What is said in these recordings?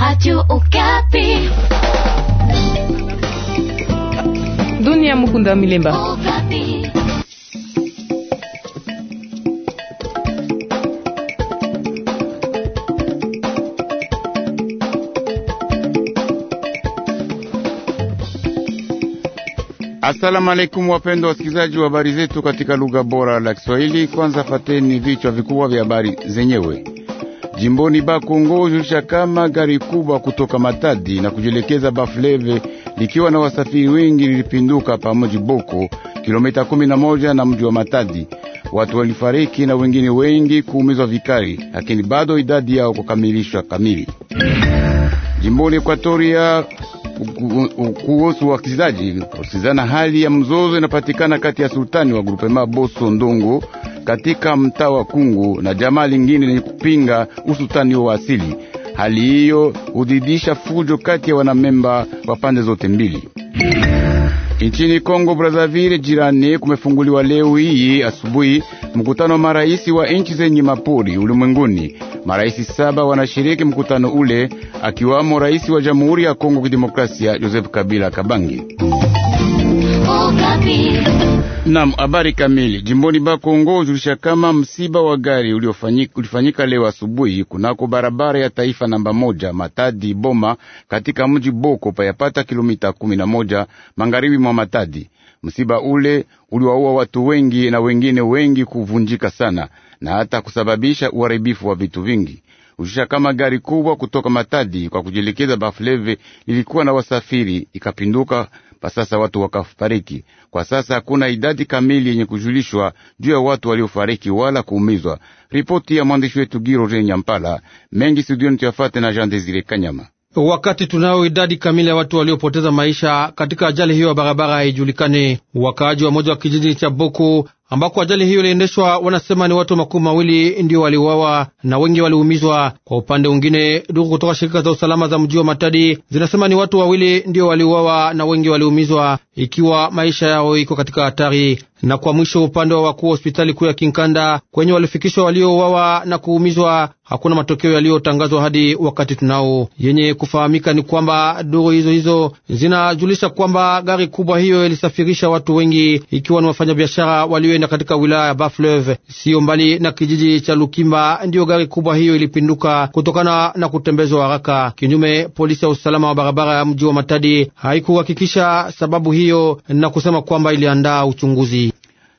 Radio Okapi. Dunia Mukunda Milemba. Asalamu alaikum, wapendwa wasikilizaji wa habari zetu katika lugha bora la Kiswahili. Kwanza fateni vichwa vikubwa vya habari zenyewe. Jimboni Bakongo hujulisha kama gari kubwa kutoka Matadi na kujielekeza Bafuleve likiwa na wasafiri wengi lilipinduka pa mji Boko, kilomita 11 na mji wa Matadi. Watu walifariki na wengine wengi kuumizwa vikali, lakini bado idadi yao kukamilishwa kamili. Jimboni Ekwatoria kuhusu wakizaji kusizana, hali ya mzozo inapatikana kati ya sultani wa grupema Boso Ndongo katika mtaa wa Kungu na jamaa lingine lenye kupinga usultani wa asili. Hali hiyo hudidisha fujo kati ya wanamemba wa pande zote mbili. Nchini Kongo Brazzaville jirani, kumefunguliwa leo hii asubuhi mkutano wa maraisi wa nchi zenye mapori ulimwenguni. Maraisi saba wanashiriki mkutano ule, akiwamo rais wa Jamhuri ya Kongo Kidemokrasia Joseph Kabila Kabangi. Nam, habari kamili jimboni Bakongo hujulisha kama msiba wa gari ulifanyika leo asubuhi kunako barabara ya taifa namba moja Matadi Boma katika mji Boko payapata kilomita kumi na moja magharibi mwa Matadi. Msiba ule uliwaua watu wengi na wengine wengi kuvunjika sana na hata kusababisha uharibifu wa vitu vingi. Hujulisha kama gari kubwa kutoka Matadi kwa kujielekeza Bafleve lilikuwa na wasafiri ikapinduka sasa watu wakafariki. Kwa sasa hakuna idadi kamili yenye kujulishwa juu ya watu waliofariki wala kuumizwa. Ripoti ya mwandishi wetu Giro Nyampala mengi studioni tuyafate na Jean Desire Kanyama wakati tunayo idadi kamili ya watu waliopoteza maisha katika ajali hiyo ya barabara haijulikani Wakaaji wa moja wa kijiji cha Buku ambako ajali hiyo iliendeshwa wanasema ni watu makumi mawili ndio waliuawa na wengi waliumizwa. Kwa upande mwingine, duku kutoka shirika za usalama za mji wa Matadi zinasema ni watu wawili ndio waliuawa na wengi waliumizwa, ikiwa maisha yao iko katika hatari na kwa mwisho upande wa wakuu wa hospitali kuu ya Kinkanda kwenye walifikishwa waliouawa na kuumizwa, hakuna matokeo yaliyotangazwa hadi wakati tunao. Yenye kufahamika ni kwamba duru hizo hizo zinajulisha kwamba gari kubwa hiyo ilisafirisha watu wengi, ikiwa ni wafanyabiashara walioenda katika wilaya ya Bafleve, siyo mbali na kijiji cha Lukimba. Ndiyo gari kubwa hiyo ilipinduka kutokana na kutembezwa haraka kinyume. Polisi ya usalama wa barabara ya mji wa Matadi haikuhakikisha sababu hiyo na kusema kwamba iliandaa uchunguzi.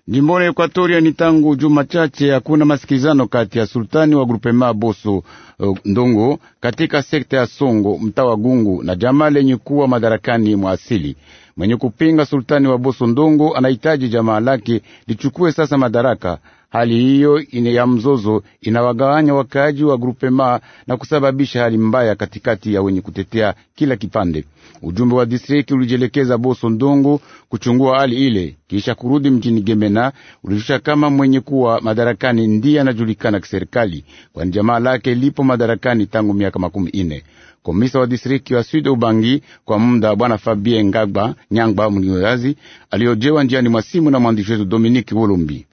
Jimboni Ekwatoria ni tangu juma chache hakuna masikilizano kati ya sultani wa grupema Boso eh, Ndongo katika sekta ya Songo mtaa wa Gungu na jamaa lenye kuwa madarakani mwa asili. Mwenye kupinga sultani wa Boso Ndongo anahitaji jamaa lake lichukue sasa madaraka. Hali hiyo ya mzozo inawagawanya wakaaji wa grupema na kusababisha hali mbaya katikati ya wenye kutetea kila kipande. Ujumbe wa distrikti ulijielekeza Boso Ndongo kuchungua hali ile, kisha kurudi mjini Gemena. Ulishusha kama mwenye kuwa madarakani ndiye anajulikana kiserikali, kwani jamaa lake lipo madarakani tangu miaka makumi ine. Komisa wa distrikti wa Sud Ubangi kwa muda Bwana Fabien Ngagba Nyangba mlioyazi aliyojewa njiani mwa simu na mwandishi wetu Dominiki Wolumbi.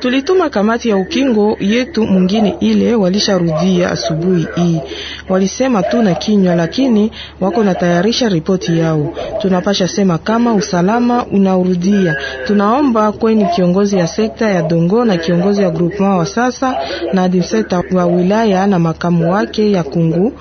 Tulituma kamati ya ukingo yetu mwingine, ile walisharudia asubuhi hii. Walisema tu na kinywa, lakini wako natayarisha ripoti yao. Tunapasha sema kama usalama unaurudia. Tunaomba kweni kiongozi ya sekta ya Dongo na kiongozi ya groupement wa sasa na dimseta wa wilaya na makamu wake ya Kungu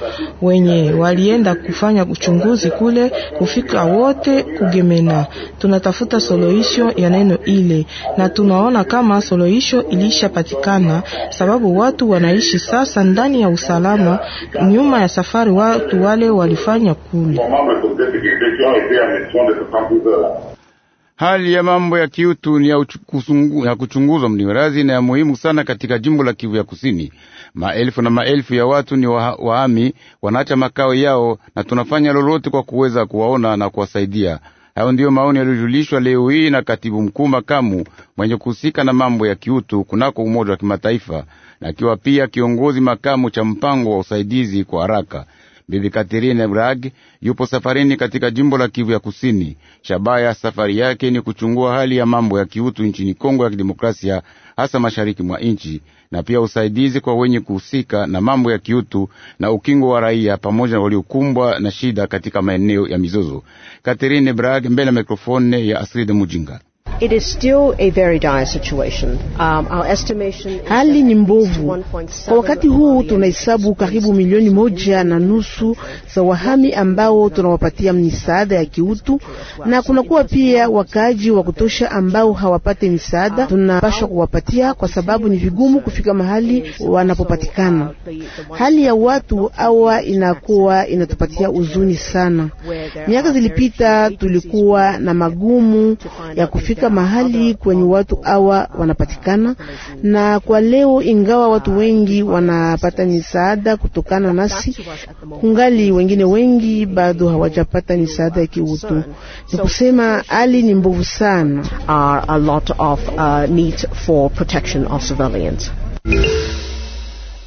wenye walienda kufanya uchunguzi kule, kufika wote Kugemena. Tunatafuta solution ya neno ile na tunaona kama suluhisho ilishapatikana, sababu watu wanaishi sasa ndani ya usalama nyuma ya safari watu wale walifanya kule. Hali ya mambo ya kiutu ni ya, ya kuchunguzwa mniwerazi na ya muhimu sana katika jimbo la Kivu ya Kusini. Maelfu na maelfu ya watu ni wahami, wanaacha makao yao, na tunafanya lolote kwa kuweza kuwaona na kuwasaidia. Hayo ndiyo maoni yaliyojulishwa leo hii na katibu mkuu makamu mwenye kuhusika na mambo ya kiutu kunako Umoja wa Kimataifa, na akiwa pia kiongozi makamu cha mpango wa usaidizi kwa haraka. Bibi Katerine Brag yupo safarini katika jimbo la Kivu ya Kusini. Shabaha ya safari yake ni kuchungua hali ya mambo ya kiutu nchini Kongo ya Kidemokrasia hasa mashariki mwa nchi, na pia usaidizi kwa wenye kuhusika na mambo ya kiutu na ukingo wa raia pamoja na waliokumbwa na shida katika maeneo ya mizozo. Catherine Brag mbele ya mikrofone ya Asride Mujinga. It is still a very dire situation. Um, our estimation hali ni mbovu kwa wakati huu, tunahesabu karibu milioni moja na nusu za wahami ambao tunawapatia misaada ya kiutu, na kunakuwa pia wakaaji wa kutosha ambao hawapate misaada um, tunapashwa kuwapatia, kwa sababu ni vigumu kufika mahali wanapopatikana. Hali ya watu hawa inakuwa inatupatia huzuni sana. Miaka zilipita tulikuwa na magumu ya kufika katika mahali kwenye watu hawa wanapatikana. Na kwa leo, ingawa watu wengi wanapata misaada kutokana nasi, kungali wengine wengi bado hawajapata misaada ya kiutu. Ni kusema hali ni mbovu sana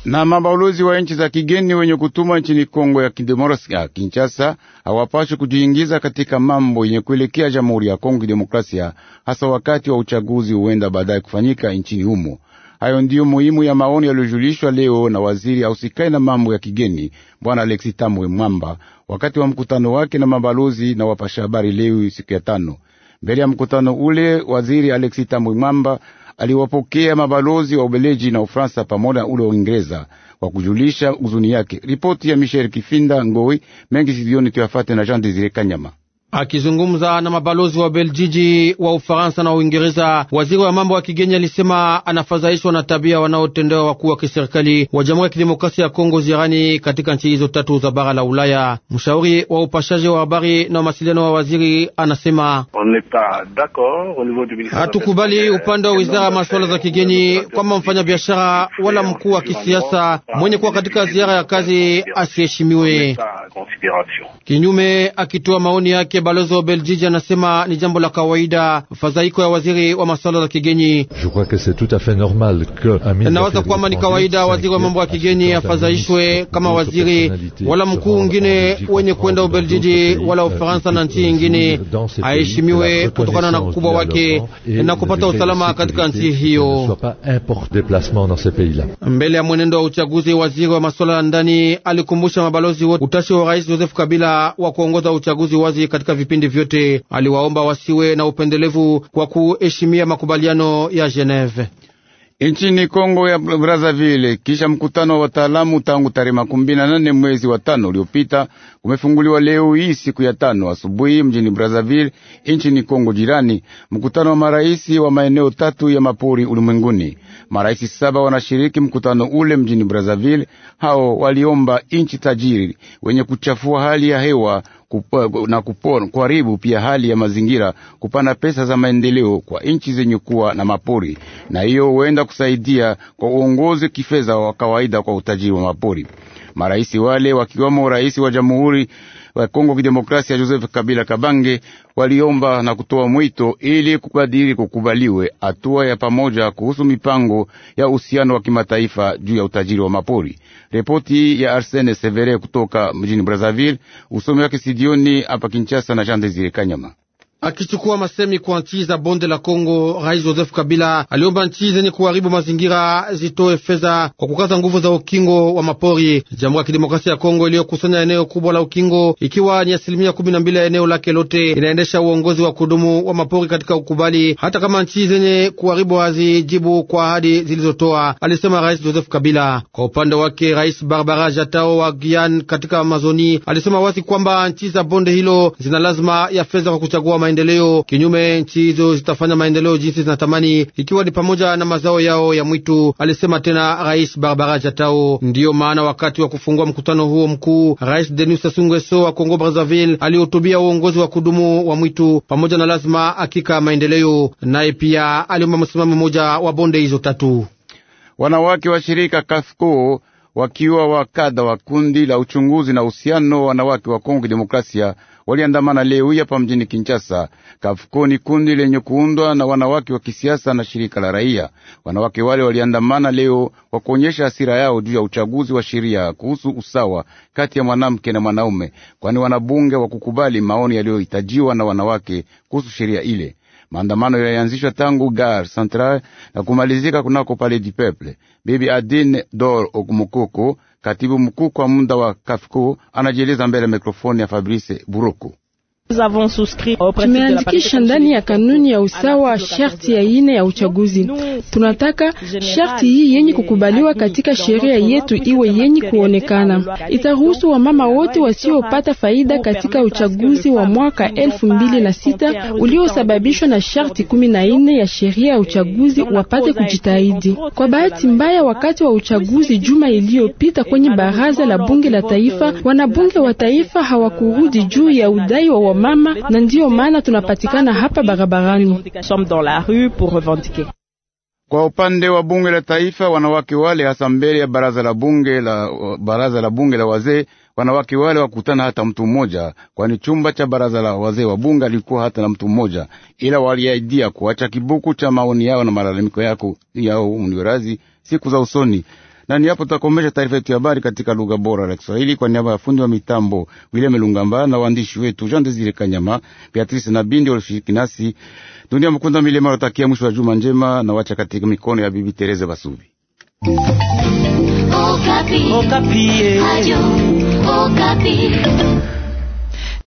na mabalozi wa nchi za kigeni wenye kutumwa nchini Kongo ya Kidemokrasia ya Kinshasa hawapaswi kujiingiza katika mambo yenye kuelekea Jamhuri ya Kongo Kidemokrasia, hasa wakati wa uchaguzi huenda baadaye kufanyika nchini humo. Hayo ndiyo muhimu ya maoni yaliyojulishwa leo na waziri ausikai na mambo ya kigeni Bwana Alexi Tambwe Mwamba wakati wa mkutano wake na mabalozi na wapasha habari leo siku ya tano. Mbele ya mkutano ule, waziri Alexi Tambwe Mwamba aliwapokea mabalozi wa Ubeleji na Ufransa pamoja na ule wa Uingereza kwa kujulisha huzuni yake. Ripoti ya Michel Kifinda Ngoi mengi sidioni tuyafate na Jean Desire Kanyama. Akizungumza na mabalozi wa Beljiji, wa Ufaransa na Uingereza, waziri wa mambo ya kigeni alisema anafadhaishwa na tabia wanaotendewa wakuu wa kiserikali wa Jamhuri ya Kidemokrasia ya Kongo zirani katika nchi hizo tatu za bara la Ulaya. Mshauri wa upashaji wa habari na mawasiliano wa waziri anasema hatukubali upande wa wizara ya masuala za kigeni kwamba mfanyabiashara wala mkuu wa kisiasa mwenye kuwa katika ziara ya kazi asiheshimiwe. Kinyume, akitoa maoni yake yake balozi wa Beljiji anasema ni jambo la kawaida, fadhaiko ya waziri wa masuala ya kigeni. Nawaza kwamba ni kawaida waziri wa mambo ya kigeni afadhaishwe kama waziri wala mkuu wengine wenye kwenda Ubeljiji wala euh, Ufaransa na nchi nyingine, aheshimiwe euh, kutokana na ukubwa wake na kupata usalama katika nchi hiyo. Mbele ya mwenendo wa uchaguzi, waziri wa masuala ya ndani alikumbusha mabalozi wote utashi wa rais Joseph Kabila wa kuongoza uchaguzi wazi katika katika vipindi vyote, aliwaomba wasiwe na upendelevu kwa kuheshimia makubaliano ya Geneve. Nchini Kongo ya Brazzaville, kisha mkutano wa wataalamu tangu tarehe makumi na nane mwezi wa tano uliopita, kumefunguliwa leo hii siku ya tano asubuhi mjini Brazzaville nchini Kongo jirani, mkutano wa maraisi wa maeneo tatu ya mapori ulimwenguni. Maraisi saba wanashiriki mkutano ule mjini Brazzaville. Hao waliomba inchi tajiri wenye kuchafua hali ya hewa kupa, na kupona kuharibu pia hali ya mazingira, kupana pesa za maendeleo kwa nchi zenye kuwa na mapori, na hiyo huenda kusaidia kwa uongozi kifedha wa kawaida kwa utajiri wa mapori. Marais wale wakiwamo rais wa jamhuri wa Kongo Kidemokrasia Joseph Kabila Kabange waliomba na kutoa mwito ili kubadili kukubaliwe hatua ya pamoja kuhusu mipango ya uhusiano wa kimataifa juu ya utajiri wa mapori. Ripoti ya Arsene Severe kutoka mjini Brazzaville, usomi wake Sidioni hapa Kinshasa na Jean Desire Kanyama. Akichukua masemi kwa nchi za bonde la Kongo, Rais Joseph Kabila aliomba nchi zenye kuharibu mazingira zitoe fedha kwa kukaza nguvu za ukingo wa mapori. Jamhuri ya Kidemokrasia ya Kongo iliyokusanya eneo kubwa la ukingo, ikiwa ni asilimia kumi na mbili ya eneo lake lote, inaendesha uongozi wa kudumu wa mapori katika ukubali, hata kama nchi zenye kuharibu hazijibu kwa ahadi zilizotoa, alisema Rais Joseph Kabila. Kwa upande wake, Rais Barbara Jatao wa Guyane katika Amazoni alisema wazi kwamba nchi za bonde hilo zina lazima ya fedha kwa kuchagua maendeleo. Kinyume, nchi hizo zitafanya maendeleo jinsi zinatamani, ikiwa ni pamoja na mazao yao ya mwitu, alisema tena Rais Barbara Jatao. Ndiyo maana wakati wa kufungua mkutano huo mkuu, Rais Denis Sassou Nguesso wa Kongo Brazzaville alihutubia uongozi wa kudumu wa mwitu pamoja na lazima hakika maendeleo, naye pia aliomba msimamo mmoja wa bonde hizo tatu. Wanawake wa shirika Kasko wakiwa wakadha wa kundi la uchunguzi na uhusiano wa wanawake wa Kongo Demokrasia waliandamana leo hapa mjini Kinshasa. Kafukoni, kundi lenye kuundwa na wanawake wa kisiasa na shirika la raia. Wanawake wale waliandamana leo kwa kuonyesha hasira yao juu ya uchaguzi wa sheria kuhusu usawa kati ya mwanamke na mwanaume, kwani wanabunge wa kukubali maoni yaliyohitajiwa na wanawake kuhusu sheria ile. Maandamano yaanzishwa tangu Gare Centrale na kumalizika kunako Palais du Peuple. Bibi Adine Dor Okumukuku, katibu mkuu kwa muda wa Kafiku, anajieleza mbele ya mikrofoni ya Fabrice Buruku. Tumeandikisha ndani ya kanuni ya usawa sharti ya ine ya uchaguzi. Tunataka sharti hii yenye kukubaliwa katika sheria yetu iwe yenye kuonekana. Itaruhusu wamama wote wasiopata faida katika uchaguzi wa mwaka elfu mbili na sita uliosababishwa na sharti kumi na ine ya sheria ya uchaguzi wapate kujitahidi. Kwa bahati mbaya, wakati wa uchaguzi juma iliyopita kwenye baraza la bunge la taifa, euh, wanabunge wa taifa hawakurudi juu ya udai wa mama, na ndiyo maana tunapatikana hapa barabarani. Kwa upande wa bunge la taifa, wanawake wale hasa mbele ya baraza la bunge la baraza la bunge la wazee, wanawake wale wakutana hata mtu mmoja, kwani chumba cha baraza la wazee wa bunge alikuwa hata na mtu mmoja, ila waliaidia kuacha kibuku cha maoni yao na malalamiko yako yao mliorazi siku za usoni. Na ni hapo tutakomesha taarifa yetu ya habari katika lugha bora la Kiswahili kwa niaba ya fundi wa mitambo William Lungamba na waandishi wetu Jean Desire Kanyama, Beatrice na Bindi walishiriki nasi. Dunia mkunda milema watakia mwisho wa juma njema na wacha katika mikono ya Bibi Teresa Basubi. Okapi. Okapi. Eh. Ayo, Okapi.